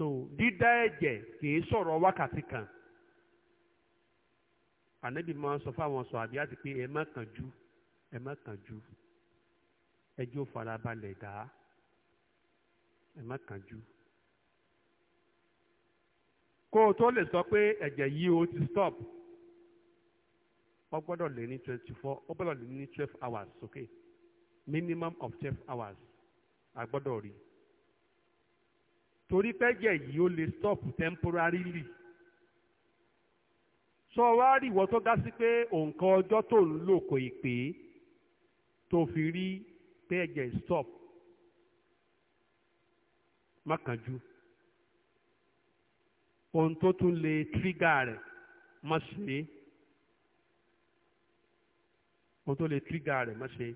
so dídá ẹ̀jẹ̀ kìí sọ̀rọ̀ wákàtí kan ànábì máa ń sọ fáwọn sọ àbí àti pé ẹ má kánjú ẹ má kánjú ẹjọ́ farabalẹ̀ dá ẹ má kánjú kó o tó lè sọ pé ẹ̀jẹ̀ yìí o ti stop ọ gbọ́dọ̀ lé ní twenty four ọ gbọ́dọ̀ lé ní twelve hours sókè okay? minimum of twelve hours a gbọ́dọ̀ rí torí pẹ́jẹ̀ yìí ó lè stop temporarily sọ wá rí ìwọ tó ga sí pé òǹkà ọjọ́ tó ń lò kò ì pé tó fi rí pẹ́jẹ̀ stop má ohun tó tún lè trigger rẹ̀ má ṣe ohun tó lè trigger rẹ̀ má ṣe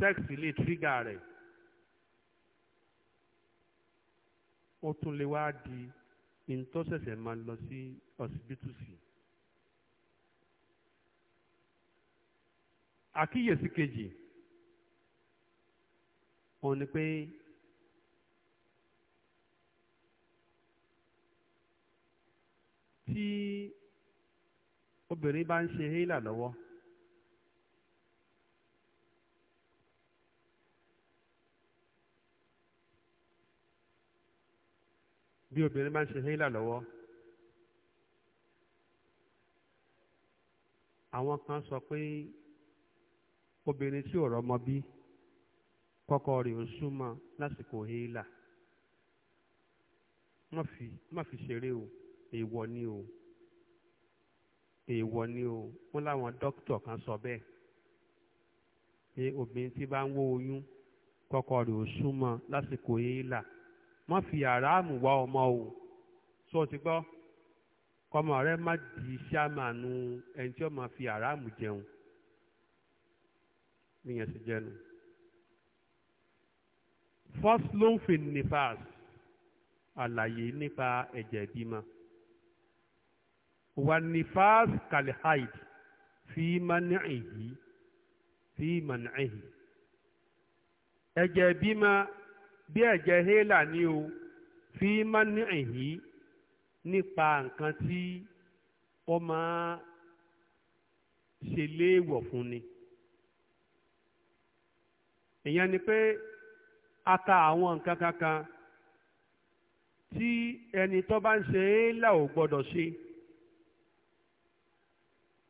sex lè trigger rẹ̀ ó tún lè wá di ìtọ́ ṣẹ̀ṣẹ̀ máa lọ sí ọsibítù sí. àkíyèsí kejì òun ni pé tí obìnrin bá ń ṣe hílà lọ́wọ́. bí obìnrin bá ń ṣe hílà lọ́wọ́ àwọn kan sọ pé obìnrin tí ò rọ́mọ bí kọ́kọ́ rẹ̀ ò súnmọ́ lásìkò hílà má fi má fi ṣeré o èèwọ̀ ni o èèwọ̀ ni o wọ́n láwọn dókítà kan sọ bẹ́ẹ̀ pé obìnrin tí bá ń wó oyún kọ́kọ́ rẹ̀ ò súnmọ́ lásìkò hílà má fi àràmù wá ọmọ o sọ ti gbọ́ kọmọ rẹ má di ṣáàmànù ẹni tí ó máa fi àràmù jẹun níyẹn sì jẹnu. faslun fin nifas àlàyé nípa ẹ̀jẹ̀ ìbímọ wà nifas kalhaid fi manihi fi manihi ẹ̀jẹ̀ ìbímọ bí ẹ̀jẹ̀ hélà ni o fi máa ní èyí nípa nǹkan tí ó máa ṣe léèwọ̀ fún ni. ìyẹn ni pé a ka àwọn nǹkan kankan tí ẹni tó bá ń ṣe hélà ò gbọ́dọ̀ ṣe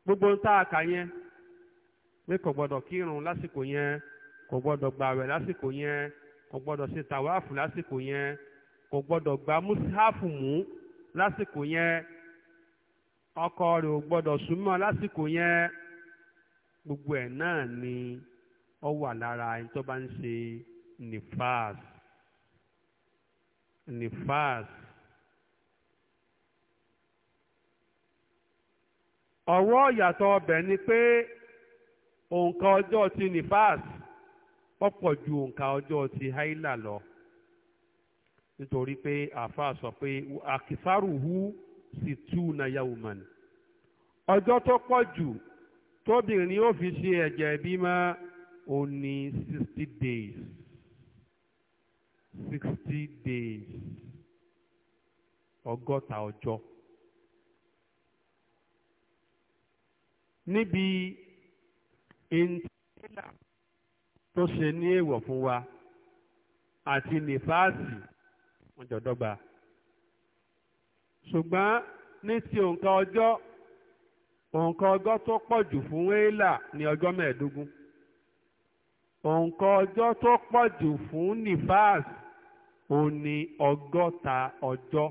gbogbo ń tá a yẹn pé kò gbọ́dọ̀ kírun lásìkò yẹn kò gbọ́dọ̀ gbààwẹ̀ lásìkò yẹn kò gbọ́dọ̀ ṣe tàwáàfù lásìkò yẹn kò gbọ́dọ̀ gba mùsàfù mú lásìkò yẹn ọkọ rẹ̀ ò gbọ́dọ̀ súnmọ́ lásìkò yẹn gbogbo ẹ̀ náà ni ó wà lára ẹni tó bá ń ṣe nifas nifas ọ̀wọ́ ìyàtọ̀ ọbẹ̀ ni pé òǹkà ọjọ́ ti nifas. ọ̀pọ̀ ju òǹkà ọjọ́ ti haila lọ nítorí pé àáfàá sọ pé àkìsárùhù sì tú na yawman ọjọ́ tó pọ̀ jù tóbìnrin ó fi ṣe ẹ̀jẹ̀ ìbímọ ó ní sixty days sixty days ọgọ́ta ọjọ́. níbi ìntẹ́lá tó ṣe ní èèwọ̀ fún wa àti nífàásì wọ́n jọ dọ́gba ṣùgbọ́n ní ti òǹkà ọjọ́ òǹkà ọjọ́ tó pọ̀ jù fún éèlà ní ọjọ́ mẹ́ẹ̀ẹ́dógún òǹkà ọjọ́ tó pọ̀ jù fún nífàásì ó ní ọgọ́ta ọjọ́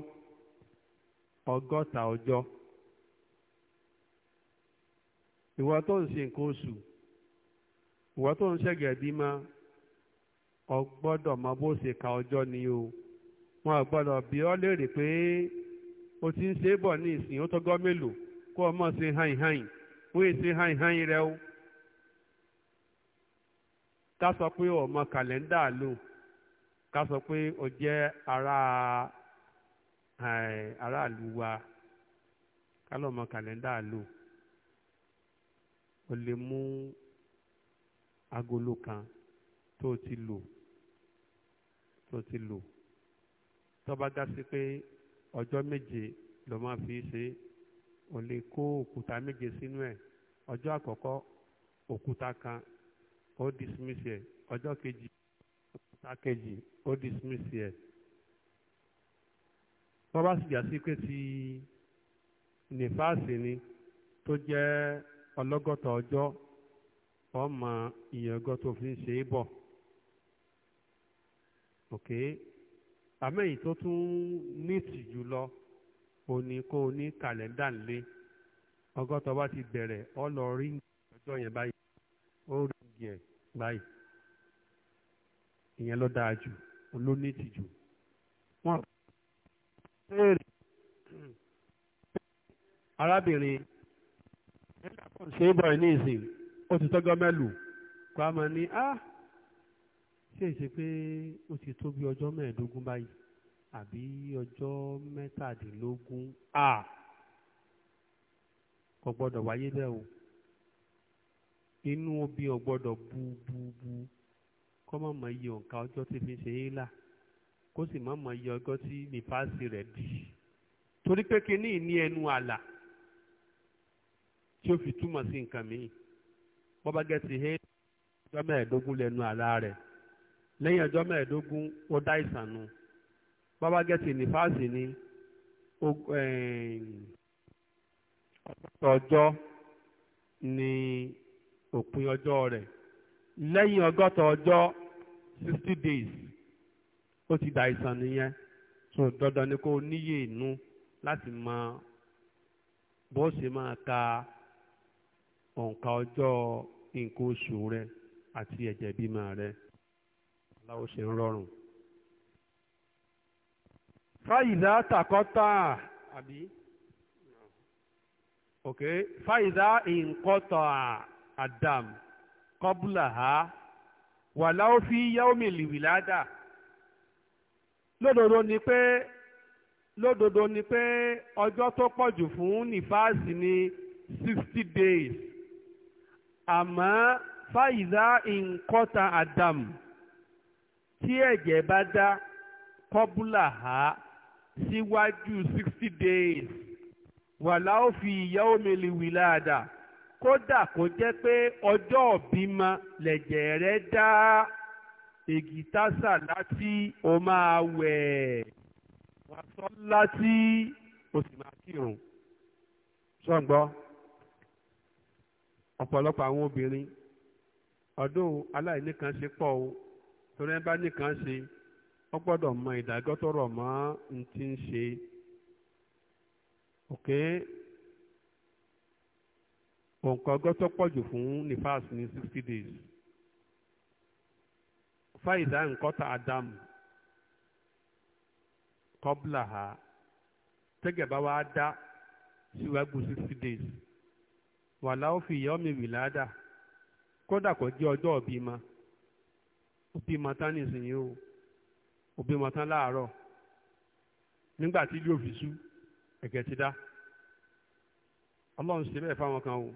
ọgọ́ta ọjọ́ ìwọ tó ń ṣe nǹkan oṣù ìwọ tó ń ṣẹ̀gẹ̀dì ma ọ gbọ́dọ̀ mọ bó ṣe ka ọjọ́ ni o wọn gbọ́dọ̀ bí ọ léèrè pé o ti ń ṣe é bọ̀ ní ìsìn ó tọ́gọ́ mélòó kó o ṣe hàn hàn wọ́n hàn hàn rẹ o ká sọ pé o kàlẹ́ndà lò ká sọ pé o jẹ́ ara eh, aráàlú wa ká mọ kàlẹ́ndà lò o lè mú agolo kan tó o ti lò tó o ti lò tó bá dá sí pé ọjọ́ méje ló máa fi ṣe o lè kó òkúta méje sínú ẹ̀ ọjọ́ àkọ́kọ́ òkúta kan ó dismiss ẹ̀ ọjọ́ kejì òkúta kejì ó dismiss ẹ̀ tó sì yà pé ti nífàsì ni tó jẹ́ ọlọ́gọ́ta ọjọ́ ọmọ ìyẹ̀gọ́ tó fi ń ṣe é bọ̀ òkè àmẹ́yìn tó tún níìtì jùlọ ò ní kó o ní kàlẹ́ndà ńlé ọgọ́tọ̀ bá ti bẹ̀rẹ̀ ọ lọ rí ọjọ́ yẹn báyìí ó rí yẹn báyìí ìyẹn ló dáa jù ló níìtì jù wọ́n béèrè arábìnrin ṣé bọ̀ ní ìsìn ó ti tọ́jọ́ mẹ́lù kó a máa ní á ah, ṣe é ṣe pé ó ti tó bí ọjọ́ mẹ́ẹ̀ẹ́dógún báyìí àbí ọjọ́ mẹ́tàdínlógún à kò gbọ́dọ̀ wáyé bẹ́ẹ̀ o inú obì ò gbọ́dọ̀ bu bu bu kó má mọ iye òǹkà ọjọ́ tí fi ṣe é là kó sì má mọ iye ọjọ́ tí nífàsì rẹ̀ dì torí pé kínní ní ẹnu àlà tí ó fi túmọ̀ sí nǹkan mìíràn bọ́bá gẹ̀ẹ́sì hé ọjọ́ mẹ́ẹ̀ẹ́dógún lẹ́nu àlá rẹ̀ lẹ́yìn ọjọ́ mẹ́ẹ̀ẹ́dógún ó dá ìsàn nu bọ́bá gẹ̀ẹ́sì nífàásì ni ọjọ́ ni òpin ọjọ́ rẹ̀ lẹ́yìn ọgọ́ta ọjọ́ sixty days ó ti dá ìsàn nìyẹn so dandan ni kó níyè inú láti mọ bó ṣe máa ka òǹkà ọjọ́ nǹkan oṣù rẹ àti ẹ̀jẹ̀ bímọ rẹ aláwo ṣe ń rọrùn. fáyìdá tàkọ́tà àbí ok fáyìdá ìǹkọ́tọ̀ àdàm kọ́bùlà ha wàláwó fi yáwómi lìwìládà lódodo ni pé lódodo ni pé ọjọ́ tó pọ̀jù fún nífàásì ni sixty days àmọ́ fàyíṣà nkọ́ta adam tí ẹ̀jẹ̀ bá dá kọ́búlà ha síwájú sixty days wàlá ó fi ìyàwó mi lè wí láàdá kódà kó jẹ́ pé ọjọ́ ìbímọ lẹ̀jẹ̀ rẹ dá ègìtásà láti o máa wẹ̀ wàásọ láti o máa kírun ṣọ́ngbọ́n ọ̀pọ̀lọpọ̀ àwọn obìnrin ọdún aláìní kan ṣe pọ̀ o torí ẹni bá nìkan ṣe ó gbọ́dọ̀ mọ ìdájọ́ tó rọ̀ mọ́ n ti ń ṣe òkè òǹkà ọgọ́ tó pọ̀ jù fún nifas ní sixty days fáìdá nkọ́ta adam kọ́bùlà ha tẹ́gẹ̀ bá wá dá síwájú sixty days wàlá ó fi ìyá mi wìládà kódà kò jẹ́ ọjọ́ ìbímọ ìbímọ tán nìsínyìí o ìbímọ tán láàárọ̀ nígbà tí yóò fi sú ẹ̀gẹ́ ti dá ọlọ́run ṣe bẹ́ẹ̀ fáwọn kan o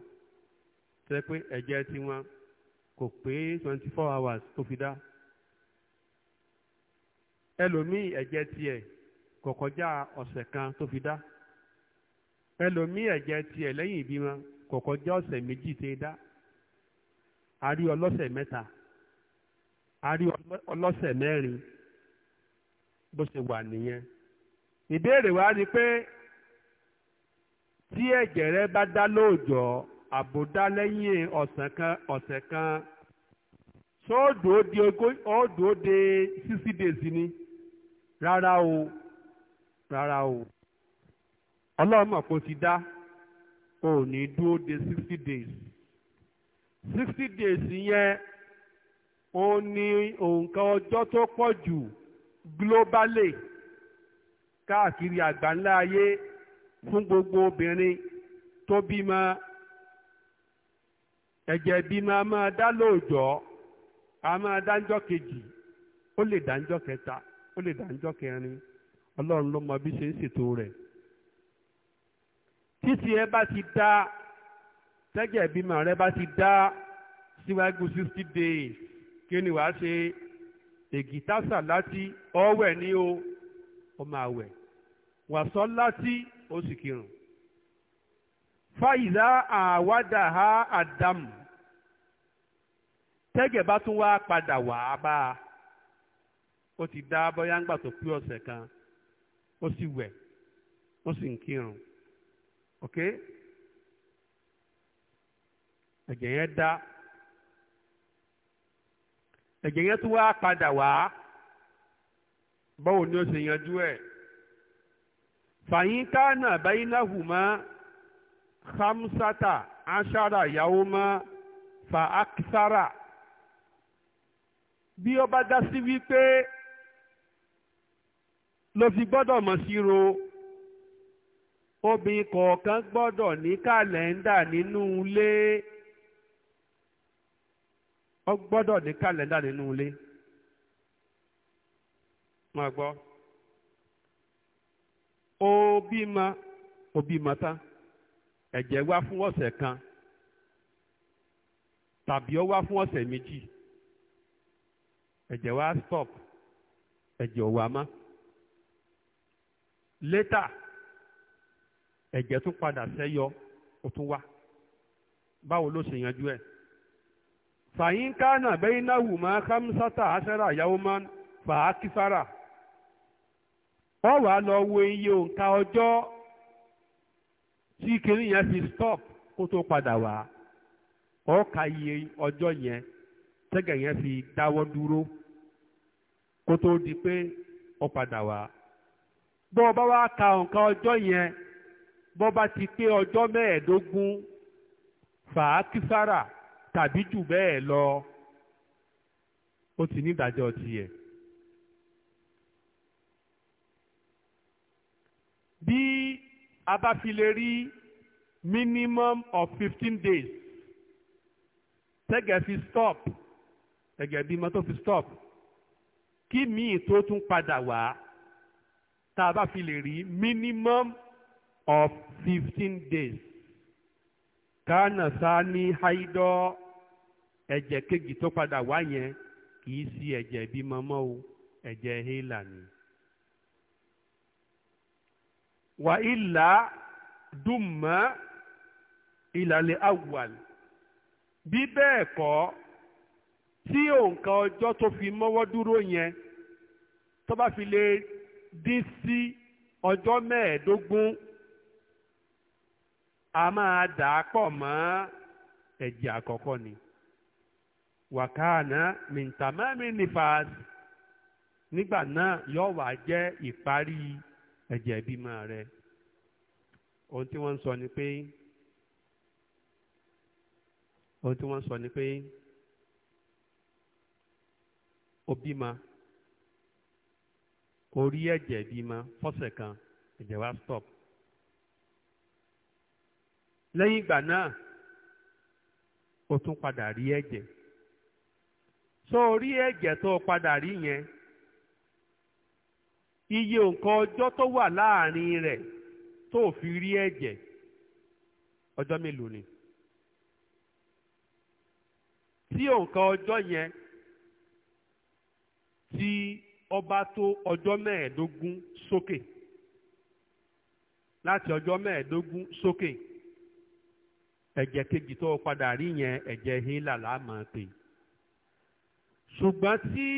tẹ́ pé ẹ̀jẹ̀ tiwọn kò pé twenty four hours tó fi dá ẹlòmíì ẹ̀jẹ̀ tiẹ̀ kò kọjá ọ̀sẹ̀ kan tó fi dá ẹlòmíì ẹ̀jẹ̀ tiẹ̀ lẹ́yìn ìbímọ kò kọjá ọ̀sẹ̀ méjì tẹ́ dá a rí ọlọ́sẹ̀ mẹ́ta a rí ọlọ́sẹ̀ mẹ́rin bó ṣe wà nìyẹn ìbéèrè wa ni pé tí ẹ̀jẹ̀ rẹ bá dá lóòjọ́ àbòdá lẹ́yìn ọ̀sẹ̀ kan ọ̀sẹ̀ kan ṣó òdòó di òdòó de sixty days ni rárá o rárá o ọlọ́run mọ̀ kó ti dá. o ò ní dúró de sixty days sixty days yẹn ó ní òǹkà ọjọ́ tó pọ̀ jù globally káàkiri àgbáńlá ayé fún gbogbo obìnrin tó bímọ ẹ̀jẹ̀ bímọ a máa dá lóòjọ́ a máa dáńjọ́ kejì ó lè dáńjọ́ kẹta ó lè dáńjọ́ kẹrin ọlọ́run ló mọ bí ṣe ń ṣètò rẹ̀. títí ẹ bá ti dá tẹ́jẹ̀ bímọ rẹ bá ti dá síwájú sixty days kí ni wàá ṣe ègìtásà láti ọ̀wẹ̀ ní o ó máa wẹ̀ wàsọ láti ó sì kírun àwádà ha àdàmù tẹ́jẹ̀ bá tún wá padà wá bá a ó ti dá bọ́yá ńgbà tó pé ọ̀sẹ̀ kan ó sì wẹ̀ ó sì ń kírun ok ẹ̀jẹ̀ yẹn dá ẹ̀jẹ̀ yẹn tún wá padà wá báwo ni ó ṣe yanjú ẹ̀ fàyín kánà báyìí náà hù mọ́ hamsata aṣara ìyàwó mọ́ fa akisara bí ó bá dá sí wípé ló fi gbọ́dọ̀ mọ̀ sí ro. obìnrin kọ̀ọ̀kan gbọ́dọ̀ ní kàlẹ́ńdà nínú ilé ó gbọ́dọ̀ ní kàlẹ́ńdà nínú ilé máa gbọ́ ó bímọ ó bímọ tán ẹ̀jẹ̀ wá fún ọ̀sẹ̀ kan tàbí ó wá fún ọ̀sẹ̀ méjì ẹ̀jẹ̀ wá stop ẹ̀jẹ̀ ò wá má later ẹ̀jẹ̀ tún padà sẹ́yọ ó tún wá báwo ló ṣe yanjú ẹ̀. fàyín kánà bẹ́yìn náà wù máa kámsátà àṣẹ́rà yàwó máa fà á ọ wà lọ wo iye òǹkà ọjọ́ tí yẹn fi stop kó tó padà wá. ọ ka iye ọjọ́ yẹn tẹ́gẹ̀ yẹn fi dáwọ́ dúró kó tó di pé ó padà wá. bó bá wá ka òǹkà ọjọ́ yẹn bó bá ti pé ọjọ́ mẹ́ẹ̀ẹ́dógún fàákísára tàbí jù bẹ́ẹ̀ lọ ó ti ní ìdájọ́ tiẹ̀. bí a bá fi lè rí minimum of fifteen days tẹ́gẹ̀ fi stop tẹ́gẹ̀ bí mọ́tò fi stop kí míì tó tún padà wá tá a bá fi lè rí minimum of 15 days kánà sá ní haidọ́ ẹ̀jẹ̀ kejì tó padà wá yẹn kì í sí ẹ̀jẹ̀ ìbímọ mọ́ o ẹ̀jẹ̀ hélà ni. wà ilà dùnmọ́ ìlàlẹ̀ awwal bí bẹ́ẹ̀ kọ́ tí òǹkà ọjọ́ tó fi mọ́wọ́ dúró yẹn tó bá fi lè dín sí ọjọ́ mẹ́ẹ̀ẹ́dógún a máa dà á pọ̀ mọ́ ẹ̀jẹ̀ ni wàkàánà na nífàs nígbà náà yóò wá jẹ́ ìparí ẹ̀jẹ̀ ìbímọ rẹ ohun tí wọ́n ń sọ ni pé ohun tí wọ́n ń sọ ni pé ó bímọ orí ẹ̀jẹ̀ fọ́sẹ̀ kan ẹ̀jẹ̀ stop lẹ́yìn ìgbà náà o tún padà rí ẹ̀jẹ̀ so rí ẹ̀jẹ̀ tó o padà rí yẹn iye nǹkan ọjọ́ tó wà láàrin rẹ̀ tó o fi rí ẹ̀jẹ̀ ọjọ́ mélòó ni tí nǹkan ọjọ́ yẹn tí ọba tó ọjọ́ mẹ́ẹ̀ẹ́dógún sókè láti ọjọ́ mẹ́ẹ̀ẹ́dógún sókè. So ẹ̀jẹ̀ kejì tó padà rí yẹn ẹ̀jẹ̀ hílà láàmà pé ṣùgbọ́n tí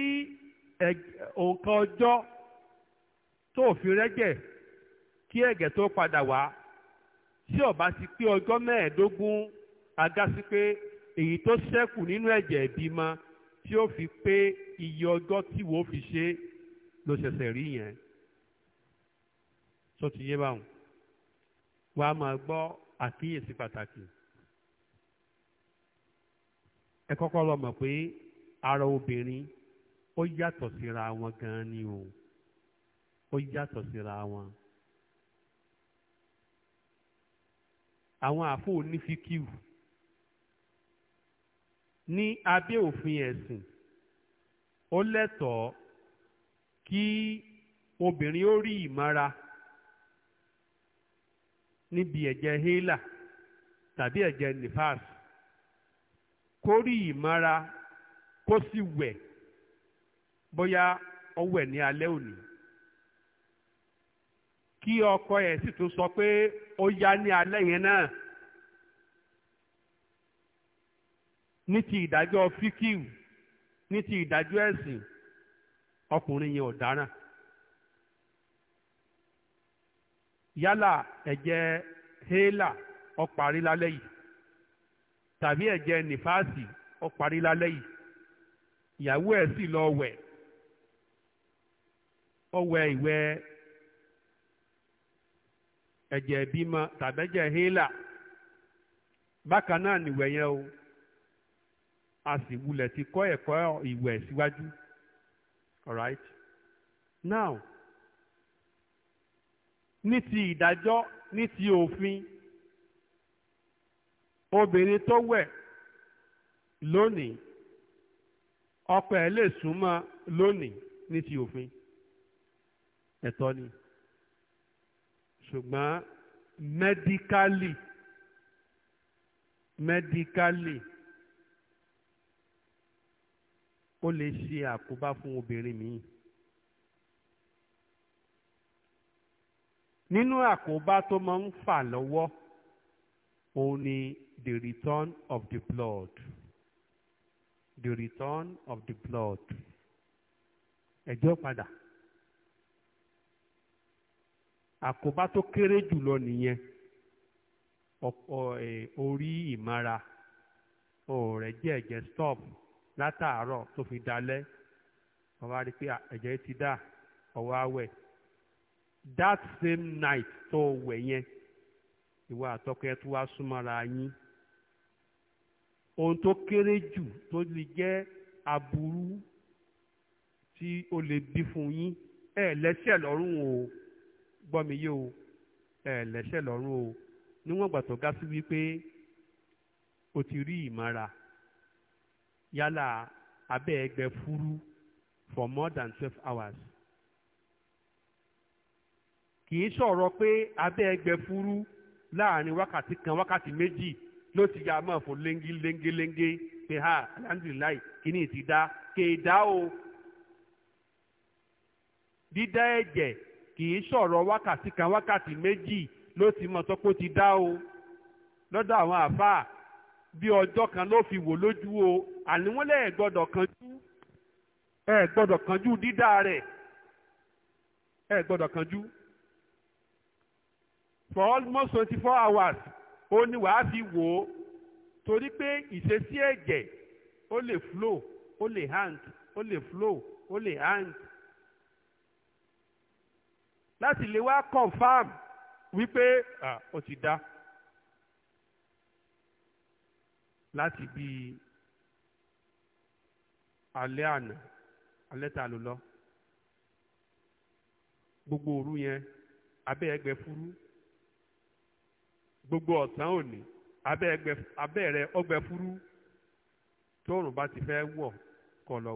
òǹkà ọjọ́ tó fi rẹ́jẹ̀ kí ẹ̀jẹ̀ tó padà wá tí ó bá ti pé ọjọ́ mẹ́ẹ̀ẹ́dógún agásí pé èyí tó ṣẹ́kù nínú ẹ̀jẹ̀ ìbímọ tí ó fi pé iye ọjọ́ tí wò ó fi ṣe ló ṣẹ̀ṣẹ̀ rí yẹn tó ti yé báwọn wàá máa gbọ́ àkíyèsí pàtàkì ẹ kọ́kọ́ lọ mọ̀ pé ara obìnrin ó yàtọ̀ síra wọn gan-an ni o ó yàtọ̀ síra wọn. àwọn àfọ onífíkìw ní abẹ́ òfin ẹ̀sìn ó lẹ́tọ̀ọ́ kí obìnrin ó rí ìmọ́ra níbi ẹ̀jẹ̀ hélà tàbí ẹ̀jẹ̀ nífàsì kó rí ìmọ́ra kó sì wẹ̀ bóyá ó wẹ̀ ní alẹ́ òní kí ọkọ ẹ̀ sì tún sọ pé ó yá ní alẹ́ yẹn náà ní ti ìdájọ́ fíkìw ní ti ìdájọ́ ẹ̀sìn ọkùnrin yẹn ọ̀daràn yálà ẹ̀jẹ̀ hélà ó lálẹ́ yìí tàbí ẹ̀jẹ̀ nífàásì ó parí lálẹ́ yìí ìyàwó ẹ̀ sì lọ wẹ̀ ó wẹ ìwẹ̀ ẹ̀jẹ̀ ìbímọ tàbẹ́jẹ̀ hélà bákan náà nìwẹ̀ yẹn o a sì wulẹ̀ ti kọ́ ẹ̀kọ́ ìwẹ̀ síwájú all now ní ti ìdájọ́ ní ti òfin obìnrin tó wẹ̀ lónìí ọkọ ẹ̀ lè súnmọ́ lónìí ní ti òfin ẹ̀tọ́ ni ṣùgbọ́n mẹ́díkálì mẹ́díkálì ó lè ṣe àkóbá fún obìnrin míì nínú àkóbá tó máa ń fà lọ́wọ́. Only the return of the blood the return of the blood ẹjọ́ padà àkóbá tó kéré jùlọ nìyẹn ọ̀pọ̀ orí ìmara òòrẹ̀ jẹ́ ẹ̀jẹ̀ stop látàárọ̀ tó fi dalẹ̀ wọ́n wá rí pé ẹ̀jẹ̀ ti dà ọwọ́ awẹ̀ that same night tó wẹ̀ yẹn ìwà àtọkẹ tó wá súnmọ́ra yín ohun tó kéré jù tó lè jẹ́ aburú tí ó lè bí fún yín ẹ lẹ́sẹ̀ lọ́rùn o gbọ́ mi yé o ẹ lẹ́sẹ̀ lọ́rùn o níwọ̀n gbà tó ga sí wípé o ti rí ìmọ̀ra yálà abẹ́ ẹgbẹ́ fúrú for more than twelve hours kì í sọ̀rọ̀ pé abẹ́ ẹgbẹ́ fúrú láàrin wákàtí kan wákàtí méjì ló ti ya máa fún léńgé léńgé léńgé pé ha alhamdulilayi kíní ti dá kéèdá o dídá ẹ̀jẹ̀ kì í sọ̀rọ̀ wákàtí kan wákàtí méjì ló ti mọ̀ tọ́pọ̀ ti dá o lọ́dọ̀ àwọn àfáà bí ọjọ́ kan ló fi wò lójú o àní wọ́n lẹ́ẹ̀ gbọ́dọ̀ kanjú ẹ̀ gbọ́dọ̀ kanjú dídá rẹ̀ ẹ̀ gbọ́dọ̀ kanjú. for almost twenty four hours ó ní wàá fi wò ó torí pé ìṣesí ẹ̀jẹ̀ ó lè flow ó lè hang ó lè flow ó lè hang láti lè wá confam wípé ó ti dá láti bí alẹ́ àná alẹ́ a ló lọ gbogbo òru yẹn abẹ́ ẹgbẹ́ fúrú gbogbo ọ̀sán òní abẹ́ rẹ ọgbẹ́ fúrú tóòrùn bá ti fẹ́ wọ̀ kọ́ lọ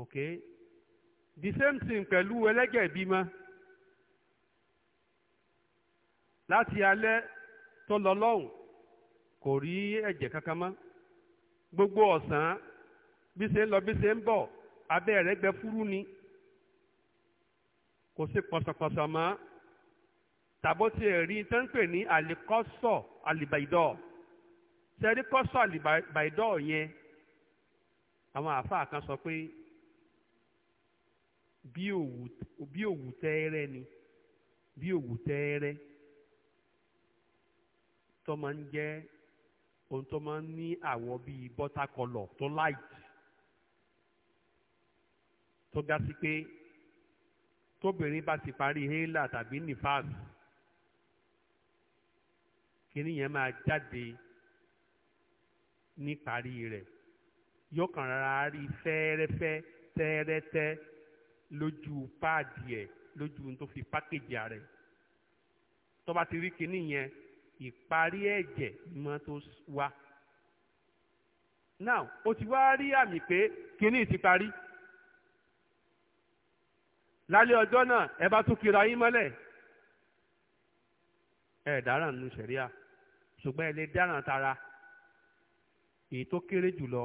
ok the same thing pẹ̀lú ẹlẹ́gẹ̀ ìbímọ láti alẹ́ tó lọ lọ́hùn kò rí ẹ̀jẹ̀ kankan mọ́ gbogbo ọ̀sán bí se ń lọ bí se ń bọ̀ abẹ́ gbẹ fúrú ni. kò sí pọ̀sọ̀pọ̀sọ̀ mọ́ tàbó tí ẹ rí tó ń pè ní àlìkọ́sọ̀ àlìbàìdọ̀ yẹn àwọn àáfàá kan sọ pé bí òwú tẹ́ẹ́rẹ́ ni bí òwú tẹ́ẹ́rẹ́ tó máa ń jẹ́ ohun tó máa ń ní àwọ̀ bíi bọ́tà kọlọ̀ tó láìtì tó sí pé tóbìnrin bá ti parí hélà tàbí nífàsì kíní yẹn máa jáde níparí rẹ̀ yóò kàn rárá rí fẹ́ẹ́rẹ́fẹ́ tẹ́ẹ́rẹ́tẹ́ lójú páàdì ẹ̀ lójú tó fi pákéjì rẹ̀ tó bá ti rí kíní yẹn ìparí ẹ̀jẹ̀ mọ́ tó wá now o ti wá rí àmì pé kíní ti parí lálẹ́ ọjọ́ náà ẹ bá tún kíra yín mọ́lẹ̀ ẹ dáràn nínú sẹ̀ríà ṣùgbọ́n ẹ lè dáràn tara èyí tó kéré jùlọ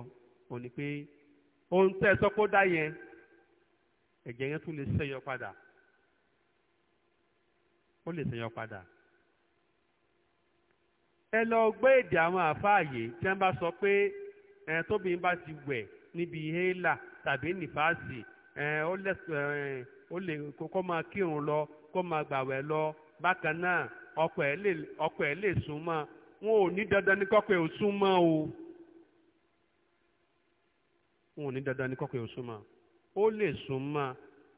ò ní pé ohun tẹ́ ẹ sọ pé ó dá yẹn ẹ̀jẹ̀ yẹn tún lè ṣẹ́yọ padà ó lè ṣẹ́yọ padà ẹ lọ gbé èdè àwọn àfáàyè tí wọ́n bá sọ pé ẹ̀ tóbi bá ti wẹ̀ níbi hélà tàbí nífàásì ó lè ó lè kó máa kírun lọ kó máa gbàwẹ̀ lọ bákan náà ọkọ ẹ̀ lè ọkọ ẹ̀ lè sún mọ́ wọn ò ní dandan ní kọ́kọ́ ẹ̀ ò sún mọ́ o wọn ò ní dandan ní kọ́kọ́ ẹ̀ ò sún mọ́ ó lè sún mọ́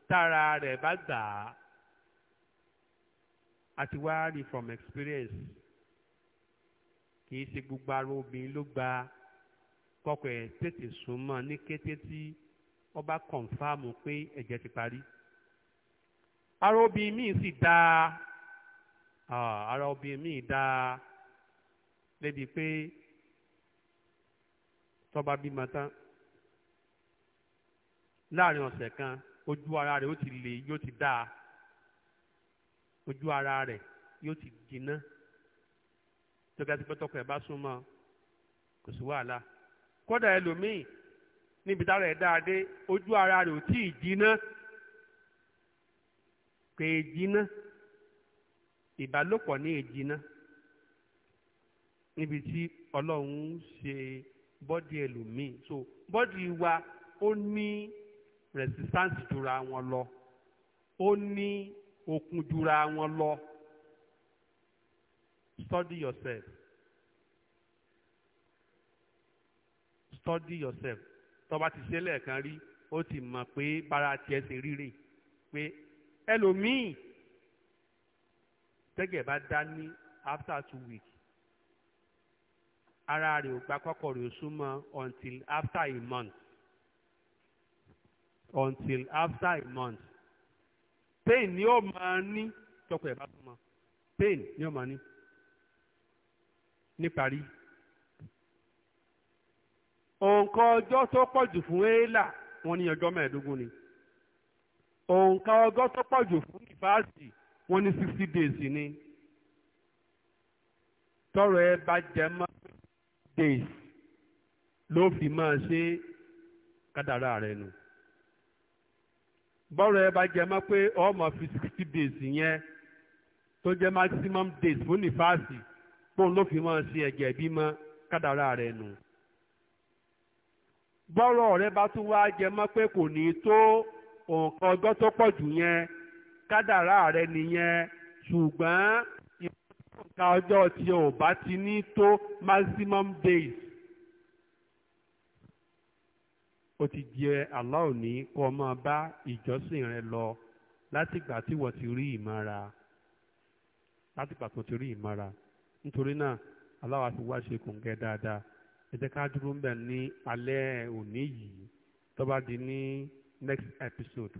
tára rẹ̀ bá gbà á àti wá rí from experience kì í ṣe gbogbo ara obìnrin ló gba kọ́kọ́ ẹ̀ tètè sún mọ́ ní kété tí wọ́n bá kọ̀nfàmù pé ẹ̀jẹ̀ ti parí ara obìnrin míì sì dá ara obìnrin míì dá lébi pé tó bá bímọ tán láàrin ọ̀sẹ̀ kan ojú ara rẹ̀ ó ti le yóò ti dá ojú ara rẹ̀ yóò ti jiná tó ga pé tọkọ ẹ̀ bá súnmọ́ kò sí wàhálà kódà ẹlòmíì níbi tára ẹ̀ dáadé ojú ara rẹ̀ ò tí ì jiná pé e jiná ìbálòpọ̀ ní èjiná níbi tí ọlọ́run ṣe bọ́dì ẹlòmíì so bọ́dì wa ó ní resistance jura wọn lọ ó ní okun jura wọn lọ study yourself study yourself tọba ti ṣe lẹ́ẹ̀kan rí ó ti mọ̀ pé bára tiẹ̀ ṣe ríre pé ẹlòmíì tẹ́gẹ̀ bá dá ní after two weeks ara rẹ̀ ò gba kọ́kọ́ rẹ̀ ò súnmọ́ until after a month until after a month pain ni ó máa ní tọkọ ẹ̀ bá súnmọ́ pain ni ó máa ní níparí òǹkà ọjọ́ tó pọ̀ jù fún éèlà wọ́n ní ọjọ́ mẹ́ẹ̀ẹ́dógún ni òǹkà ọjọ́ tó pọ̀ jù fún ìfáàsì wọ́n ní sixty days ni tọrọ ẹ bá jẹ mọ́ days ló fi máa ṣe kádàrá rẹ nù bọ́rọ̀ ẹ bá jẹ mọ́ pé ọmọ fi sixty days yẹn tó jẹ́ maximum days fún nífàásì tóun ló fi máa ṣe ẹ̀jẹ̀ bímọ kádàrá rẹ nù. bọ́rọ̀ rẹ bá tún wá jẹ mọ́ pé kò ní tó nǹkan ọjọ́ tó pọ̀ jù yẹn kádàrá rẹ nìyẹn ṣùgbọ́n ìpínlẹ̀ ọjọ́ tí o bá ti ní tó maximum days o ti jẹ aláwọ̀ ní bá ìjọsìn rẹ lọ látìgbà tí wọ́n ti rí ìmọ̀ra ti rí ìmọ̀ra nítorí náà ẹ jẹ́ ká dúró mbẹ̀ ní alẹ́ òní yìí tó di ní next episode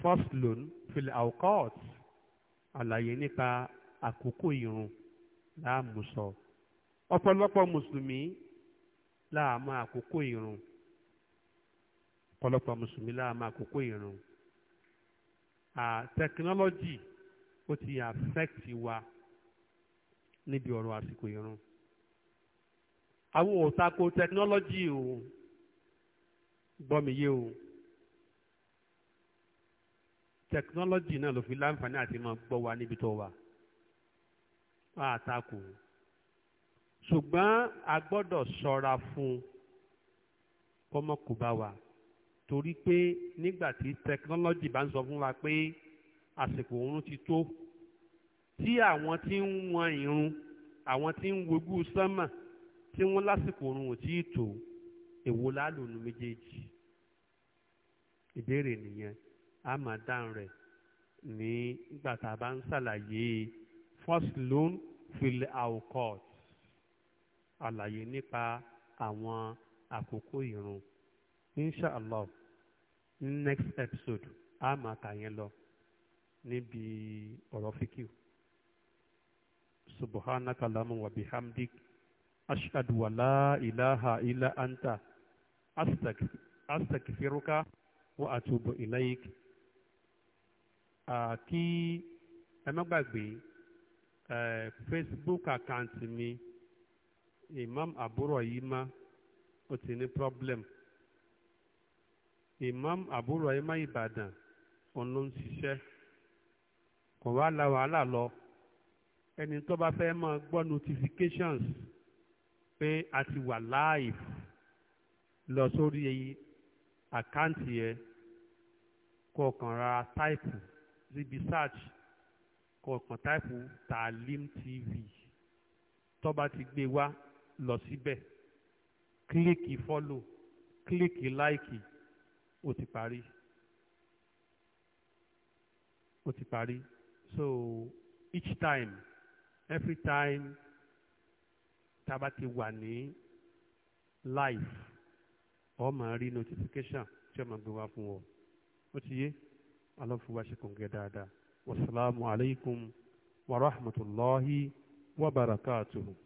first loan fil awqat àlàyé nípa àkókò ìrun láàmú sọ ọ̀pọ̀lọpọ̀ mùsùlùmí láàmú àkókò ìrun ọ̀pọ̀lọpọ̀ mùsùlùmí láàmú àkókò ìrun technology ó ti affect wa níbi ọ̀rọ̀ àsìkò ìrun àwọn ò tako tẹkinọ́lọ́jì o gbọ́ mi yé o tẹkinọ́lọ́jì náà ló fi láǹfààní àti máa gbọ́ wa níbi tó wà á tako ṣùgbọ́n a gbọ́dọ̀ ṣọ́ra fún kọ́mọkùbá wa torí pé nígbà tí tẹkinọ́lọ́jì bá ń sọ fún wa pé àsìkò oorun ti tó tí àwọn tí ń wọn irun àwọn tí ń wegú sánmà tí wọ́n lásìkò oorun ò tí ì tó èwo lálòónú méjèèjì ìbéèrè nìyẹn a máa dáhùn rẹ̀ ní ìgbà tá a bá ń ṣàlàyé first loan fill out court àlàyé nípa àwọn àkókò ìrun inshallah next episode a máa kà yẹn lọ níbi ọ̀rọ̀ fíkìú subhanaka lamu wa bihamdik ashhadu wa la ilaha illa anta astaghfiruka wa atubu ilaik kí ẹ má gbàgbé facebook account mi imam àbúrò yìí má ó ti ní problem imam àbúrò yìí má ìbàdàn òun ló ń ṣiṣẹ́ kò wá la wàhálà lọ ẹni tó bá fẹ́ máa gbọ́ notifications pé a ti wà live lọ sórí àkáǹtì ẹ kọ̀ọ̀kan rárá táìpù síbi search kọ̀ọ̀kan táìpù Taalim TV tó bá ti gbé wá lọ síbẹ̀ kílíkì follow kílíkì like ó ti parí ó ti parí so each time every time tá a bá ti wà ní live ọ máa rí notification tí ọmọ gbé wá fún ọ ó ti yé alọ́fíwá ṣe kò gẹ dáadáa wasalaamualeykum wa rahmatulahi wa barakatuhu.